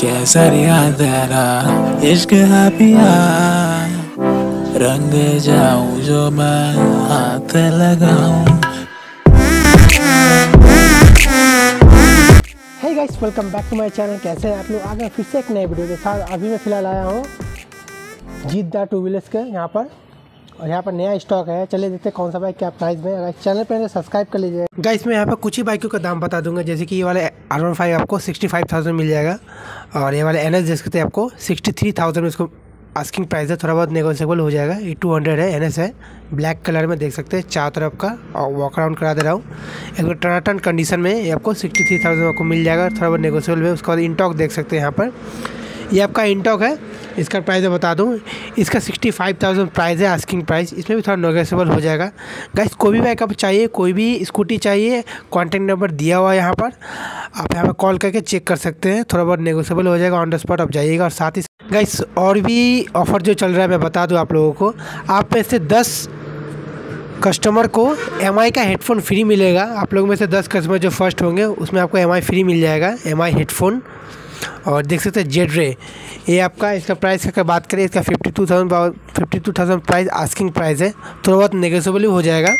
कैसा रिया तेरा इश्क है पिया रंग जाऊं जो मैं हाथ लगाऊं guys welcome back to my channel कैसे हैं आप लोग आ गए फिर से एक नए वीडियो के साथ अभी मैं फ़िलहाल आया हूँ जीत दा टू व्हीलर्स के यहाँ पर और यहाँ पर नया स्टॉक है चले देखते कौन सा बाइक क्या प्राइस में अगर चैनल पर सब्सक्राइब तो कर लीजिए गाइस मैं यहाँ पर कुछ ही बाइकों का दाम बता दूंगा जैसे कि ये वाले आर वन फाइव आपको सिक्सटी फाइव थाउजेंड मिल जाएगा और ये वाले एन एस देख सकते हैं आपको सिक्सटी थ्री थाउजेंड में इसको आस्किंग प्राइस है थोड़ा बहुत नेगोशियबल हो जाएगा ये टू हंड्रेड है एन एस है ब्लैक कलर में देख सकते हैं चारों तरफ का और वॉक अराउंड करा दे रहा हूँ एकदम टनाटन कंडीशन में ये आपको सिक्सटी थ्री थाउजेंड आपको मिल जाएगा थोड़ा बहुत नेगोशियबल है उसके बाद इंटॉक देख सकते हैं यहाँ पर ये आपका इंटॉक है इसका प्राइस मैं बता दूँ इसका सिक्सटी फाइव थाउजेंड प्राइस है आस्किंग प्राइस इसमें भी थोड़ा नोगेसेबल हो जाएगा गैस कोई भी बैकअप चाहिए कोई भी स्कूटी चाहिए कॉन्टैक्ट नंबर दिया हुआ है यहाँ पर आप यहाँ पर कॉल करके चेक कर सकते हैं थोड़ा बहुत नेगोसेबल हो जाएगा ऑन द स्पॉट आप जाइएगा और साथ ही गैस और भी ऑफ़र जो चल रहा है मैं बता दूँ आप लोगों को आप में से दस कस्टमर को एम का हेडफोन फ्री मिलेगा आप लोग में से दस कस्टमर जो फर्स्ट होंगे उसमें आपको एम फ्री मिल जाएगा एम हेडफोन और देख सकते हैं जेड रे ये आपका इसका प्राइस का बात करें इसका fifty two thousand fifty two thousand price asking price है थोड़ा बहुत नेगोशियबल हो जाएगा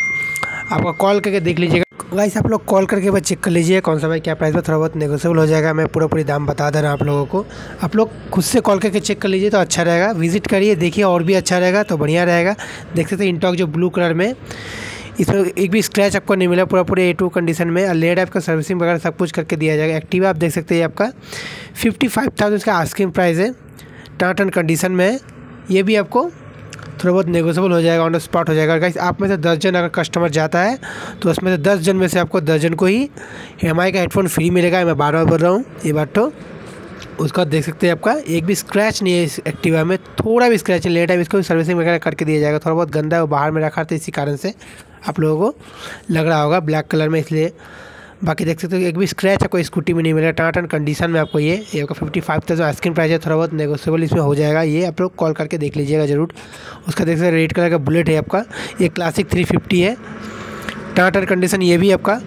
आपका कॉल करके देख लीजिएगा गाइस आप लोग कॉल करके बस चेक कर लीजिए कौन सा भाई क्या प्राइस है थोड़ा बहुत नेगोशियबल हो जाएगा मैं पूरा पूरी दाम बता दे रहा हूँ आप लोगों को आप लोग खुद से कॉल करके चेक कर लीजिए तो अच्छा रहेगा विजिट करिए देखिए और भी अच्छा रहेगा तो बढ़िया रहेगा देख सकते हैं इंटॉक जो ब्लू कलर में इसमें एक भी स्क्रैच आपको नहीं मिला पूरा पूरे ए टू कंडीशन में लेड आपका सर्विसिंग वगैरह सब कुछ करके दिया जाएगा एक्टिवा आप देख सकते हैं आपका फिफ्टी फाइव थाउजेंड का आस्किंग प्राइस है टर्ट एंड कंडीशन में है ये भी आपको थोड़ा बहुत नेगोशियबल हो जाएगा ऑन द स्पॉट हो जाएगा अगर आप में से दस जन अगर कस्टमर जाता है तो उसमें से दस जन में से आपको दस जन को ही एम का हेडफोन फ्री मिलेगा मैं बार बार बोल रहा हूँ ये बात तो उसका देख सकते हैं आपका एक भी स्क्रैच नहीं है इस एक्टिवा में थोड़ा भी स्क्रैच नहीं लेट है इसको सर्विसिंग वगैरह करके दिया जाएगा थोड़ा बहुत गंदा है वो बाहर में रखा था इसी कारण से आप लोगों को लग रहा होगा ब्लैक कलर में इसलिए बाकी देख सकते हो एक भी स्क्रैच आपको स्कूटी में नहीं मिलेगा एंड कंडीशन में आपको ये आपका fifty five thousand asking price है थोड़ा बहुत नेगोशियबल इसमें हो जाएगा ये आप लोग कॉल करके देख लीजिएगा ज़रूर उसका देख सकते हैं रेड कलर का बुलेट है आपका ये क्लासिक थ्री फिफ्टी है एंड कंडीशन ये भी आपका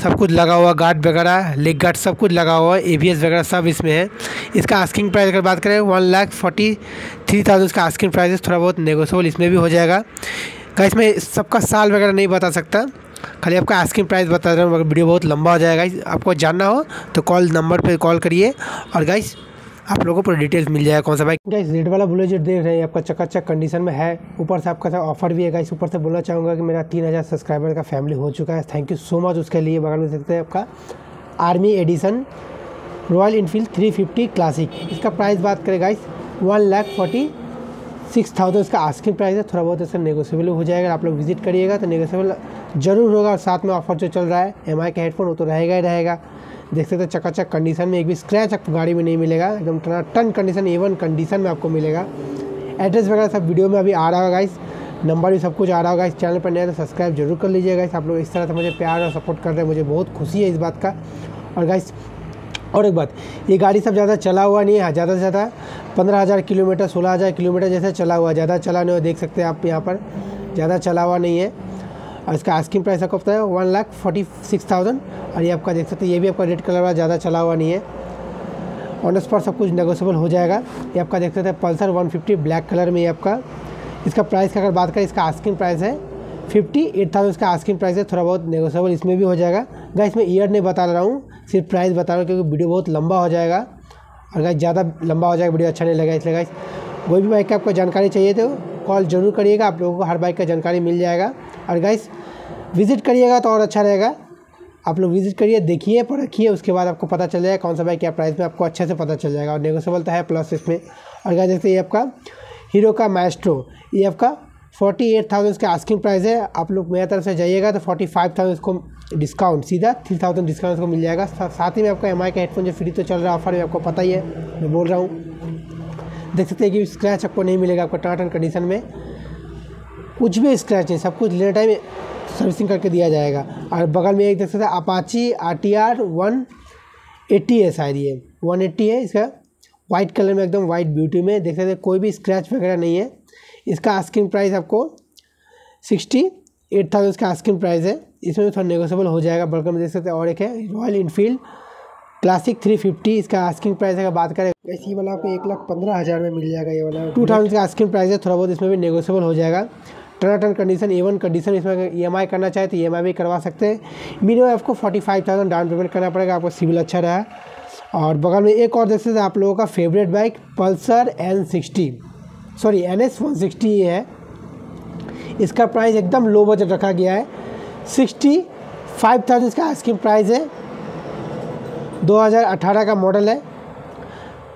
सब कुछ लगा हुआ गार्ड वगैरह लेग गार्ड सब कुछ लगा हुआ ए वगैरह सब इसमें है इसका आस्किंग प्राइस अगर बात करें one lakh forty three thousand इसका आस्किंग प्राइस थोड़ा बहुत नेगोशियबल इसमें भी हो जाएगा क्या इसमें सबका साल वगैरह नहीं बता सकता खाली आपका आस्किंग प्राइस बता रहा हूँ वीडियो बहुत लंबा हो जाएगा आपको जानना हो तो कॉल नंबर पर कॉल करिए और गाइस आप लोगों को पूरा डिटेल्स मिल जाएगा कौन सा बाइक गाइस रेड वाला बुलेट जो देख रहे हैं आपका चक कंडीशन में है ऊपर से आपका सा ऑफर भी है गाइस ऊपर से बोलना चाहूँगा कि मेरा तीन हज़ार सब्सक्राइबर का फैमिली हो चुका है थैंक यू सो मच उसके लिए बगल में सकते हैं आपका army edition Royal Enfield three fifty Classic इसका प्राइस बात करें guys one lakh forty six thousand इसका आस्किंग प्राइस है थोड़ा बहुत इसका नेगोशियबल हो जाएगा आप लोग विजिट करिएगा तो नेगोशियबल जरूर होगा और साथ में ऑफर जो चल रहा है एम का हेडफोन वो तो रहेगा ही रहेगा देख सकते हैं चकाचक कंडीशन में एक भी स्क्रैच आपको गाड़ी में नहीं मिलेगा एकदम टना टन कंडीशन एवन कंडीशन में आपको मिलेगा एड्रेस वगैरह सब वीडियो में अभी आ रहा होगा इस नंबर भी सब कुछ आ रहा होगा इस चैनल पर नया तो सब्सक्राइब जरूर कर लीजिएगा आप लोग इस तरह से मुझे प्यार और सपोर्ट कर रहे हैं मुझे बहुत खुशी है इस बात का और गाइस और एक बात ये गाड़ी सब ज़्यादा चला हुआ नहीं है ज़्यादा से ज़्यादा पंद्रह हज़ार किलोमीटर सोलह हज़ार किलोमीटर जैसे चला हुआ ज़्यादा चला नहीं हो देख सकते हैं आप यहाँ पर ज़्यादा चला हुआ नहीं है और इसका आस्किंग प्राइस आपको पता है one lakh forty six thousand और ये आपका देख सकते हैं ये भी आपका रेड कलर वाला ज़्यादा चला हुआ नहीं है ऑन स्पॉट सब कुछ नेगोशियबल हो जाएगा ये आपका देख सकते हैं पल्सर 150 ब्लैक कलर में ये आपका इसका प्राइस की अगर बात करें इसका आस्किंग प्राइस है फिफ्टी एट थाउजेंड इसका आस्किंग प्राइस है थोड़ा बहुत नेगोशियबल इसमें भी हो जाएगा गाय इसमें ईयर नहीं बता रहा हूँ सिर्फ प्राइस बता रहा हूँ क्योंकि वीडियो बहुत लंबा हो जाएगा और गाय ज़्यादा लंबा हो जाएगा वीडियो अच्छा नहीं लगेगा इसलिए गाइस कोई भी बाइक का आपको जानकारी चाहिए तो कॉल जरूर करिएगा आप लोगों को हर बाइक का जानकारी मिल जाएगा और गाइस विज़िट करिएगा तो और अच्छा रहेगा आप लोग विजिट करिए देखिए परखिए उसके बाद आपको पता चल जाएगा कौन सा बाइक क्या प्राइस में आपको अच्छे से पता चल जाएगा और नेगोसेबल तो है प्लस इसमें और क्या देखते ये आपका हीरो का मैस्ट्रो ये आपका फोर्टी एट थाउजेंड इसका आस्किंग प्राइस है आप लोग मेरे तरफ से जाइएगा तो फोर्टी फाइव थाउजेंड इसको डिस्काउंट सीधा थ्री थाउजेंड डिस्काउंट इसको मिल जाएगा साथ ही में आपका एम का हेडफोन जो फ्री तो चल रहा है ऑफर में आपको पता ही है मैं बोल रहा हूँ देख सकते हैं कि स्क्रैच आपको नहीं मिलेगा आपको टर्ट एंड कंडीशन में कुछ भी स्क्रैच नहीं सब कुछ लेने टाइम सर्विसिंग करके दिया जाएगा और बगल में एक देख सकते हैं Apache R T R one eighty है शायद ये वन एट्टी है इसका वाइट कलर में एकदम वाइट ब्यूटी में देख सकते हैं कोई भी स्क्रैच वगैरह नहीं है इसका आस्किंग प्राइस आपको सिक्सटी एट थाउजेंड इसका आस्किंग प्राइस है इसमें थोड़ा नेगोशियबल हो जाएगा बल्कि में देख सकते हैं और एक है Royal Enfield Classic three fifty इसका आस्किंग प्राइस अगर बात करें वैसे ये वाला आपको एक लाख पंद्रह हज़ार में मिल जाएगा ये वाला टू थाउजेंड का आस्किंग प्राइस है थोड़ा बहुत इसमें भी नेगोशियबल हो जाएगा टर्न कंडीशन ए वन कंडीशन इसमें ई e करना चाहे तो ई e भी करवा सकते हैं मिनिमम आपको forty five thousand down payment करना पड़ेगा आपको सिविल अच्छा रहा और बगल में एक और देख सकते आप लोगों का favourite bike Pulsar N sixty sorry N S one sixty है इसका प्राइस एकदम लो बजट रखा गया है सिक्सटी फाइव थाउजेंड इसका आइसक्रीम प्राइस है 2018 का मॉडल है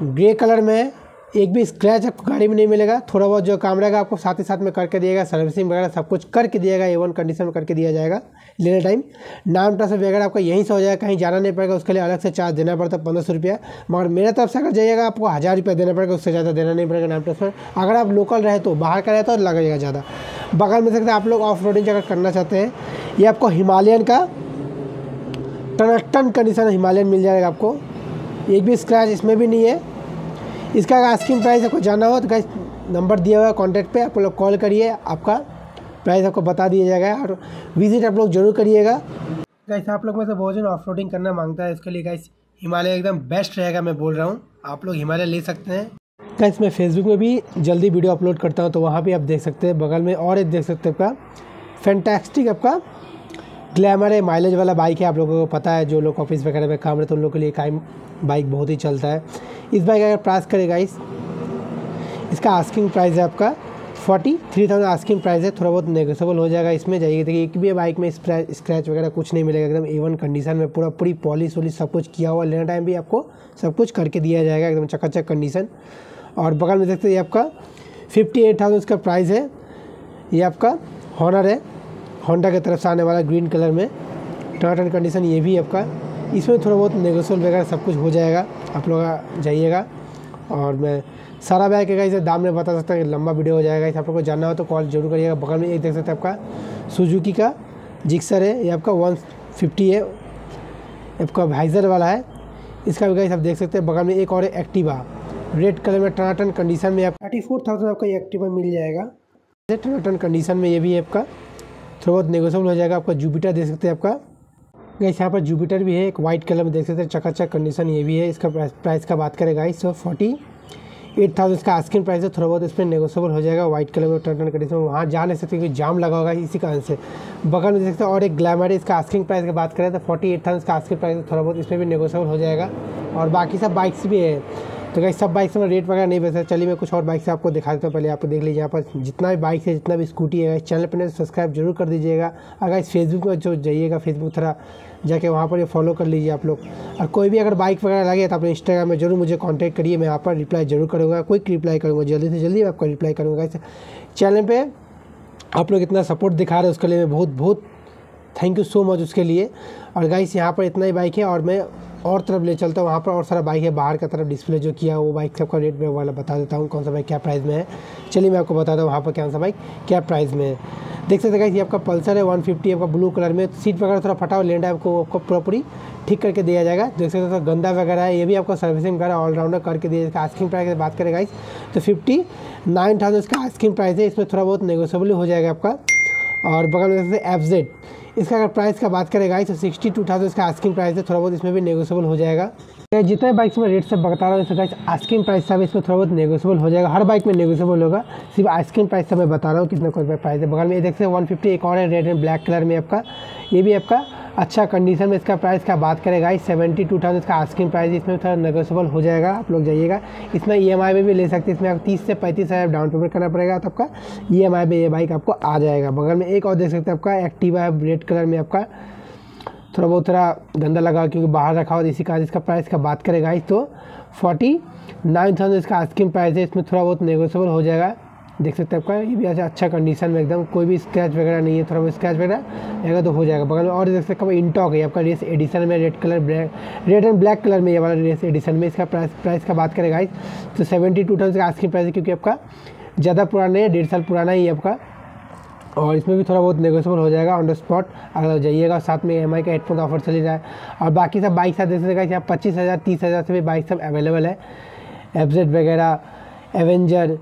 ग्रे कलर में है एक भी स्क्रैच आपको गाड़ी में नहीं मिलेगा थोड़ा बहुत जो काम रहेगा आपको साथ ही साथ में करके दिएगा सर्विसिंग वगैरह सब कुछ करके दिएगा ए वन कंडीशन में करके दिया जाएगा लेने टाइम नाम ट्रांसफर वगैरह आपका यहीं से हो जाएगा कहीं जाना नहीं पड़ेगा उसके लिए अलग से चार्ज देना पड़ता है पंद्रह सौ रुपया मगर मेरे तरफ से अगर जाइएगा आपको हज़ार रुपया देना पड़ेगा उससे ज़्यादा देना नहीं पड़ेगा नाम ट्रांसफर अगर आप लोकल रहे तो बाहर का रहे तो लगेगा ज़्यादा बगल में सकते आप लोग ऑफ रोडिंग अगर करना चाहते हैं ये आपको हिमालयन का टन टन कंडीशन हिमालयन मिल जाएगा आपको एक भी स्क्रैच इसमें भी नहीं है इसका अगर आइसक्रीम प्राइस आपको जानना हो तो गैस नंबर दिया हुआ है कॉन्टैक्ट पर आप लोग कॉल करिए आपका प्राइस आपको बता दिया जाएगा और विजिट आप लोग जरूर करिएगा गैस आप लोग में से बहुत जन ऑफ करना मांगता है इसके लिए गैस हिमालय एकदम बेस्ट रहेगा मैं बोल रहा हूँ आप लोग हिमालय ले सकते हैं गैस मैं फेसबुक में भी जल्दी वीडियो अपलोड करता हूँ तो वहाँ भी आप देख सकते हैं बगल में और एक देख सकते हैं आपका फैंटेस्टिक आपका ग्लैमर है माइलेज वाला बाइक है आप लोगों को पता है जो लोग ऑफिस वगैरह में काम रहते हैं उन लोग के लिए काम बाइक बहुत ही चलता है इस बाइक अगर प्राइस करेगा इस इसका आस्किंग प्राइस है आपका forty three thousand asking price है थोड़ा बहुत नेगोसेबल हो जाएगा इसमें जाइए देखिए एक भी बाइक में स्क्रैच वगैरह कुछ नहीं मिलेगा एकदम एवन कंडीशन में पूरा पूरी पॉलिश वॉलिश सब कुछ किया हुआ लेना टाइम भी आपको सब कुछ करके दिया जाएगा एकदम चकाचक कंडीशन और बगल में देखते हैं ये आपका फिफ्टी एट थाउजेंड इसका प्राइस है ये आपका हॉनर है होंडा की तरफ से आने वाला ग्रीन कलर में टर्ट एंड कंडीशन ये भी आपका इसमें थोड़ा बहुत नेगोशियल वगैरह सब कुछ हो जाएगा आप लोग जाइएगा और मैं सारा बैग है इसे दाम में बता सकता हूँ लंबा वीडियो हो जाएगा इसे आप लोग को जानना हो तो कॉल जरूर करिएगा बगल में एक देख सकते हैं आपका सुजुकी का जिक्सर है ये आपका वन फिफ्टी है आपका वाइजर वाला है इसका भी गाइस आप देख सकते हैं बगल में एक और एक्टिवा रेड कलर में टनाटन कंडीशन में आप थर्टी फोर थाउजेंड आपका ये एक्टिवा मिल जाएगा टनाटन कंडीशन में ये भी है आपका थोड़ा बहुत नेगोशियबल हो जाएगा आपका जुपिटर देख सकते हैं आपका गैस यहाँ पर जुपिटर भी है एक वाइट कलर में देख सकते हैं चकाचक कंडीशन ये भी है इसका प्राइस का बात करें गाइस तो फोर्टी एट थाउजेंड इसका आस्किन प्राइस है थोड़ा बहुत इस पर नेगोशियबल हो जाएगा व्हाइट कलर में टर्न टर्न कंडीशन वहाँ जा नहीं सकते क्योंकि जाम लगा होगा इसी कारण से बगल में देख सकते हैं और एक ग्लैमर है इसका आस्किंग प्राइस की बात करें तो फोर्टी एट थाउजेंड इसका आस्किंग प्राइस थोड़ा बहुत इसमें भी नेगोशियबल हो जाएगा और बाकी सब बाइक्स भी है तो गाइस सब बाइक से मैं रेट वगैरह नहीं बता चलिए मैं कुछ और बाइक से आपको दिखा देता हूँ पहले आपको देख लीजिए यहाँ पर जितना भी बाइक है जितना भी स्कूटी है चैनल पर सब्सक्राइब तो जरूर कर दीजिएगा अगर इस फेसबुक में जो जाइएगा फेसबुक थोड़ा जाके वहाँ पर फॉलो कर लीजिए आप लोग और कोई भी अगर बाइक वगैरह लगे तो आप इंस्टाग्राम में जरूर मुझे कॉन्टैक्ट करिए मैं यहाँ पर रिप्लाई जरूर करूँगा क्विक रिप्लाई करूँगा जल्दी से जल्दी मैं आपको रिप्लाई करूँगा इस चैनल पर आप लोग इतना सपोर्ट दिखा रहे हैं उसके लिए मैं बहुत बहुत थैंक यू सो मच उसके लिए और गाइस यहाँ पर इतना ही बाइक है और मैं और तरफ ले चलता हूँ वहाँ पर और सारा बाइक है बाहर का तरफ डिस्प्ले जो किया वो बाइक सबका रेट में वाला बता देता हूँ कौन सा बाइक क्या प्राइस में है चलिए मैं आपको बताता हूँ वहाँ पर कौन सा बाइक क्या प्राइस में है देख सकते हैं ये आपका पल्सर है वन फिफ्टी आपका ब्लू कलर में सीट वगैरह थोड़ा फटा हुआ लेंडा आपको आपको प्रॉपरी ठीक करके दिया जाएगा देख सकते थोड़ा गंदा वगैरह है ये भी आपको सर्विसिंग वगैरह ऑलराउंडर करके दिया जाएगा आस्किंग प्राइस बात करें गाइस तो फिफ्टी नाइन थाउजेंड इसका आस्किंग प्राइस है इसमें थोड़ा बहुत नेगोशियबल हो जाएगा आपका और बगल में एफ जेड इसका अगर प्राइस का बात करें गाइस तो सिक्सटी टू थाउजेंड इसका आस्किंग प्राइस है थोड़ा बहुत इसमें भी नेगोशियबल हो जाएगा तो जितने बाइक्स में रेट सब बता रहा हूँ गाइस आस्किंग प्राइस सब इसमें थोड़ा बहुत नेगोशियबल हो जाएगा हर बाइक में नेगोशियबल होगा सिर्फ आस्किंग प्राइस से मैं बता रहा हूँ कितना कोई प्राइस है बगल में देखते देख सकते वन फिफ्टी एक और है रेड एंड ब्लैक कलर में आपका ये भी आपका अच्छा कंडीशन में इसका प्राइस का बात करेगा इस सेवेंटी टू थाउजेंड इसका आस्किंग प्राइस इसमें थोड़ा नेगोशियबल हो जाएगा आप लोग जाइएगा इसमें ई एम आई में भी ले सकते हैं इसमें आप तीस से पैंतीस हज़ार डाउन पेमेंट करना पड़ेगा तो आपका ई e एम आई में ये बाइक आपको आ जाएगा बगल में एक और देख सकते हैं आपका एक्टिवा है रेड कलर में आपका थोड़ा बहुत थोड़ा गंदा लगा हुआ क्योंकि बाहर रखा हुआ इसी कारण इसका प्राइस का बात करेगा इस तो फोर्टी नाइन थाउजेंड इसका आस्किंग प्राइस है इसमें थोड़ा बहुत नेगोशियबल हो जाएगा देख सकते हैं आपका ये भी ऐसा अच्छा कंडीशन में एकदम कोई भी स्क्रैच वगैरह नहीं है थोड़ा बहुत स्क्रैच वगैरह रहेगा तो हो जाएगा बगल में और देख सकते हैं इंटॉक है आपका रेस एडिशन में red colour black red and black colour में ये वाला रेस एडिशन में इसका प्राइस प्राइस का बात करेगा तो सेवेंटी टू थाउजेंड का की प्राइस है क्योंकि आपका ज़्यादा पुराना है डेढ़ साल पुराना ही है आपका और इसमें भी थोड़ा बहुत नेगोशियबल हो जाएगा ऑन द स्पॉट अगर जाइएगा साथ में एम का हेडफोन ऑफर चले जाए और बाकी सब बाइक साथ देख सकते यहाँ पच्चीस हज़ार तीस हज़ार से भी बाइक सब अवेलेबल है एफजेड वगैरह एवेंजर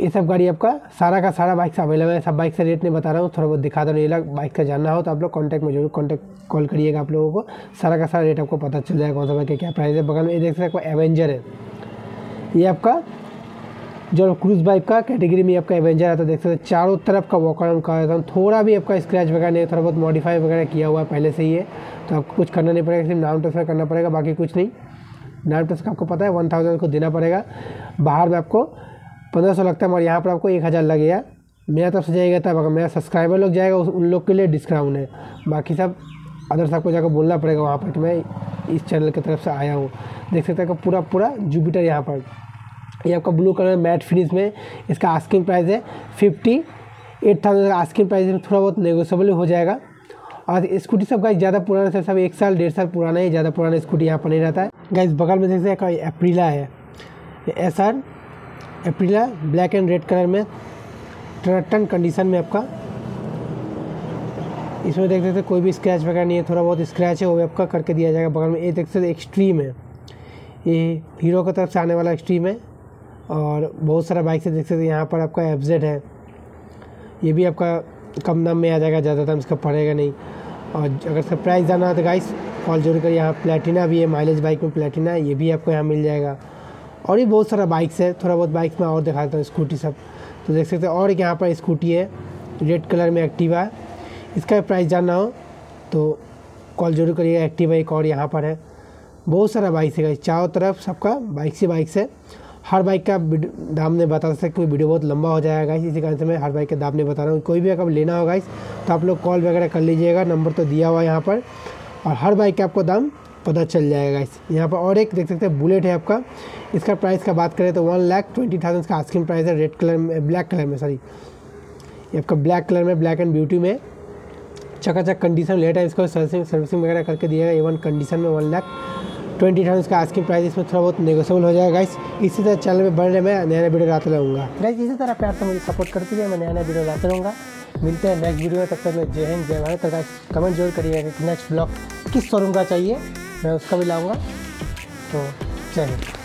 ये सब गाड़ी आपका सारा का सारा बाइक से अवेलेबल है सब बाइक से रेट नहीं बता रहा हूँ थोड़ा बहुत दिखा दो नहीं लग बाइक का जानना हो तो आप लोग कॉन्टैक्ट में जरूर कॉन्टैक्ट कॉल करिएगा आप लोगों को सारा का सारा रेट आपको पता चल जाएगा कौन सा बाइक क्या प्राइस है बगल में ये देख सकते एवेंजर है ये आपका जो क्रूज बाइक का कैटेगरी में आपका एवेंजर आता है तो देख सकते हैं चारों तरफ का वॉकर कर देता हूँ थोड़ा भी आपका स्क्रैच वगैरह नहीं थोड़ा बहुत मॉडिफाई वगैरह किया हुआ है पहले से ही है तो आपको कुछ करना नहीं पड़ेगा सिर्फ नाम ट्रांसफर करना पड़ेगा बाकी कुछ नहीं नाम ट्रांसफर आपको पता है वन थाउजेंड को देना पड़ेगा बाहर में आपको पंद्रह सौ लगता है मगर यहाँ पर आपको एक हज़ार लगेगा मेरा तरफ से जाएगा तब अगर मेरा सब्सक्राइबर लोग जाएगा उन लोग के लिए डिस्काउंट है बाकी सब अदर साहब को जाकर बोलना पड़ेगा वहाँ पर कि मैं इस चैनल की तरफ से आया हूँ देख सकते हैं कि पूरा पूरा जुपिटर यहाँ पर ये आपका ब्लू कलर मैट फिनिश में इसका आस्किंग प्राइस है फिफ्टी एट थाउजेंड का आस्किंग प्राइस में थोड़ा बहुत नेगोशियबल हो जाएगा और स्कूटी सब गाइज ज़्यादा पुराना से सब एक साल डेढ़ साल पुराना ही ज़्यादा पुराना स्कूटी यहाँ पर नहीं रहता है गाइस बगल में देख सकते हैं अप्रीला है S R Aprilia black and red colour में टन कंडीशन में आपका इसमें देख सकते कोई भी स्क्रैच वगैरह नहीं है थोड़ा बहुत स्क्रैच है वो भी आपका करके दिया जाएगा बगल में ये देख सकते एक्सट्रीम है ये हीरो की तरफ से आने वाला एक्सट्रीम है और बहुत सारा बाइक से देख सकते यहाँ पर आपका एफ है ये भी आपका कम दाम में आ जाएगा ज़्यादा दाम इसका पड़ेगा नहीं और अगर सर प्राइस जाना है तो गाइस कॉल जोड़ कर यहाँ प्लेटिना भी है माइलेज बाइक में प्लेटिना ये भी आपको यहाँ मिल जाएगा और भी बहुत सारा बाइक्स है थोड़ा बहुत बाइक्स में और दिखा देता हूँ स्कूटी सब तो देख सकते हैं और एक यहाँ पर स्कूटी है रेड कलर में एक्टिवा है इसका प्राइस जानना हो तो कॉल जरूर करिएगा एक्टिवा एक और यहाँ पर है बहुत सारा बाइक्स है चारों तरफ सबका बाइक्स ही बाइक्स है हर बाइक का दाम नहीं बता सकते क्योंकि वीडियो बहुत लंबा हो जाएगा इसी कारण से मैं हर बाइक का दाम नहीं बता रहा हूँ कोई भी अगर लेना होगा इस तो आप लोग कॉल वगैरह कर लीजिएगा नंबर तो दिया हुआ है यहाँ पर और हर बाइक का आपको दाम पता चल जाएगा इस यहाँ पर और एक देख सकते हैं बुलेट है आपका इसका प्राइस का बात करें तो वन लैख ट्वेंटी थाउजेंड का आस्किंग प्राइस है रेड कलर में ब्लैक कलर में सॉरी ये आपका ब्लैक कलर में ब्लैक एंड ब्यूटी में चकाचक कंडीशन लेट है इसको सर्विसिंग सर्विसिंग वगैरह करके दिया गया एवन कंडीशन में वन लैख ट्वेंटी थाउजेंड का आस्किंग प्राइस इसमें थोड़ा बहुत नेगोशियबल हो जाएगा गाइस इसी तरह चैनल में बढ़ रहे मैं नया नया वीडियो लाते रहूँगा गाइस इसी तरह प्यार से मुझे सपोर्ट करती है मैं नया नया वीडियो लाते रहूँगा मिलते हैं नेक्स्ट वीडियो में तब तक मैं जय हिंद जय भारत कमेंट जरूर करिएगा नेक्स्ट ब्लॉग किस शोरूम का चाहिए मैं उसका भी लाऊंगा तो चलिए